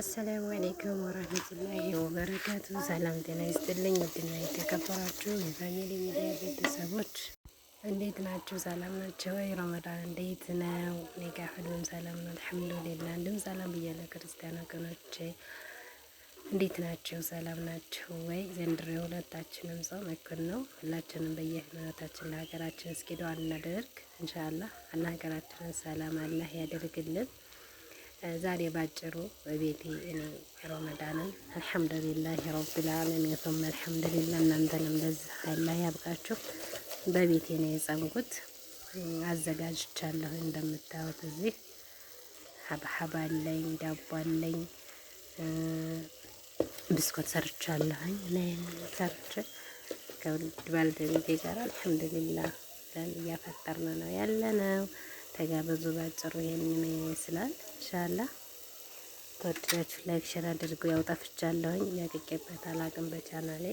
አሰላሙ አሌይኩም ወረህመቱላሂ ወበረካቱ። ሰላም ጤና ይስጥልኝ። ውድና የተከበራችሁ የፋሚሊ ሚዲያ ቤተሰቦች እንዴት ናችሁ? ሰላም ናቸው ወይ? ረመዳን እንዴት ነው? እኔ ጋ ሁሉም ሰላም ነው አልሐምዱሊላህ። እንዲሁም ሰላም ብያለሁ ክርስቲያን ወገኖቼ እንዴት ናቸው? ሰላም ናችሁ ወይ? ዘንድሮ የሁለታችንም ጾም እኩል ነው። ሁላችንም በየሃይማኖታችን ለሀገራችን እስኪ ዱዓ እናደርግ። እንሻአላህ አላህ ሀገራችንን ሰላም አላህ ያደርግልን። ዛሬ ባጭሩ በቤቴ እኔ ረመዳንን አልሐምዱሊላህ ረብል ዓለሚን ሱመ አልሐምዱሊላህ። እናንተንም ለዚህ አላህ ያብቃችሁ። በቤቴ ነው የጸምኩት፣ አዘጋጅቻለሁ። እንደምታዩት እዚህ ሀብሀብ አለኝ፣ ዳቦ አለኝ፣ ብስኮት ሰርቻለሁኝ። ላይን ሰርች ከውድ ባልደረቤ ጋር አልሐምዱሊላህ ብለን እያፈጠርን ነው ያለነው። ተጋበዙ። ባጭሩ ይህንን ይመስላል። እንሻላ ተወዳችሁ ላይክ ሸር አድርጉ። ያው ጠፍቻለሁኝ ያቅቄበት አላቅም በቻናሌ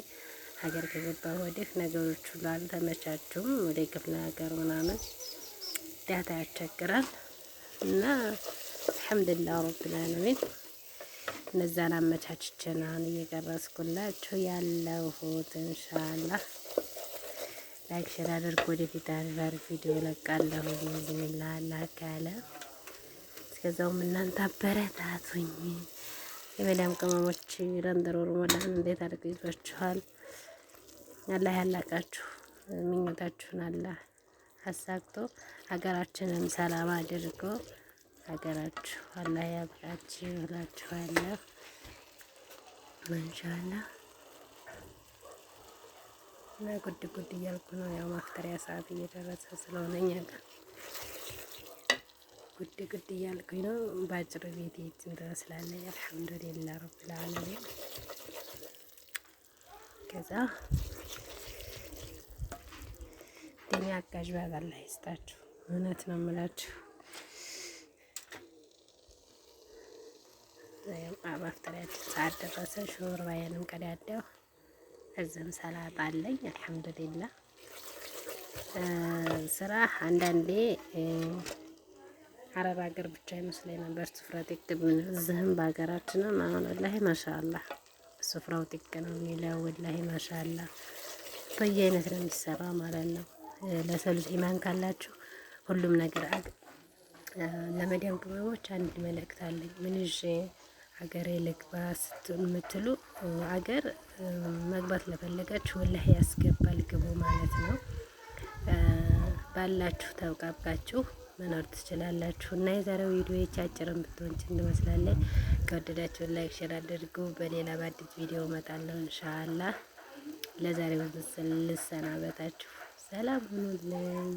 ሀገር ከገባ ወዲህ ነገሮች ሁሉ አልተመቻቹም። ወደ ክፍለ ሀገር ምናምን ዳታ ያቸግራል እና አልሐምዱሊላህ ረብል ዓለሚን እነዛን አሁን እየቀረስኩላችሁ ያለሁት እንሻላ ላይክ ሼር አድርጎ ወደፊት አሪፍ ቪዲዮ ለቃለሁ። ብዝንላ ላክ ያለ እስከዛውም እናንተ አበረታቱኝ። የመዳም ቅመሞች ረንደሮ ሮሞላን እንዴት አድርገ ይዟችኋል? አላህ ያላቃችሁ ምኞታችሁን አላህ አሳክቶ ሀገራችንን ሰላም አድርጎ ሀገራችሁ አላህ ያብቃችሁ እላችኋለሁ። እንሻላህ እና ጉድ ጉድ እያልኩ ነው። ያው ማፍጠሪያ ሰዓት እየደረሰ ስለሆነ እኛ ጋር ጉድ ጉድ እያልኩኝ ነው። በአጭሩ ቤት ይህችን ትመስላለች። አልሐምዱሊላ ረብል ዓለሚን። ከዛ ዲኒ አጋዥ ባባላ ይስጣችሁ። እውነት ነው የምላችሁ ማፍጠሪያችን ሰዓት ደረሰ። ሹርባ ሾርባዬንም ቀዳዳው እዚህም ሰላጣ አለኝ። አልሐምዱሊላ ስራ አንዳንዴ አረብ ሀገር ብቻ ይመስለኝ ነበር ስፍራ ጥቅ ምን እዚህም በሀገራችንም አሁን ወላሂ ማሻአላ ስፍራው ጥቅ ነው የሚለው ወላሂ ማሻአላ በየአይነት ነው የሚሰራ ማለት ነው። ለሰው ልጅ ኢማን ካላችሁ ሁሉም ነገር አግ ለመዲያም ቅመሞች አንድ መልእክት አለኝ ምን አገሬ ልግባ ስትሉ የምትሉ አገር መግባት ለፈለጋችሁ ወላህ ያስገባል። ግቡ ማለት ነው። ባላችሁ ተብቃብቃችሁ መኖር ትችላላችሁ። እና የዛሬው ቪዲዮ አጭርም ብትሆን ትመስላለች። ከወደዳችሁ ላይክ፣ ሼር አድርጉ። በሌላ በአዲስ ቪዲዮ እመጣለሁ ኢንሻአላህ። ለዛሬው ልሰናበታችሁ። ሰላም ሁኑልኝ።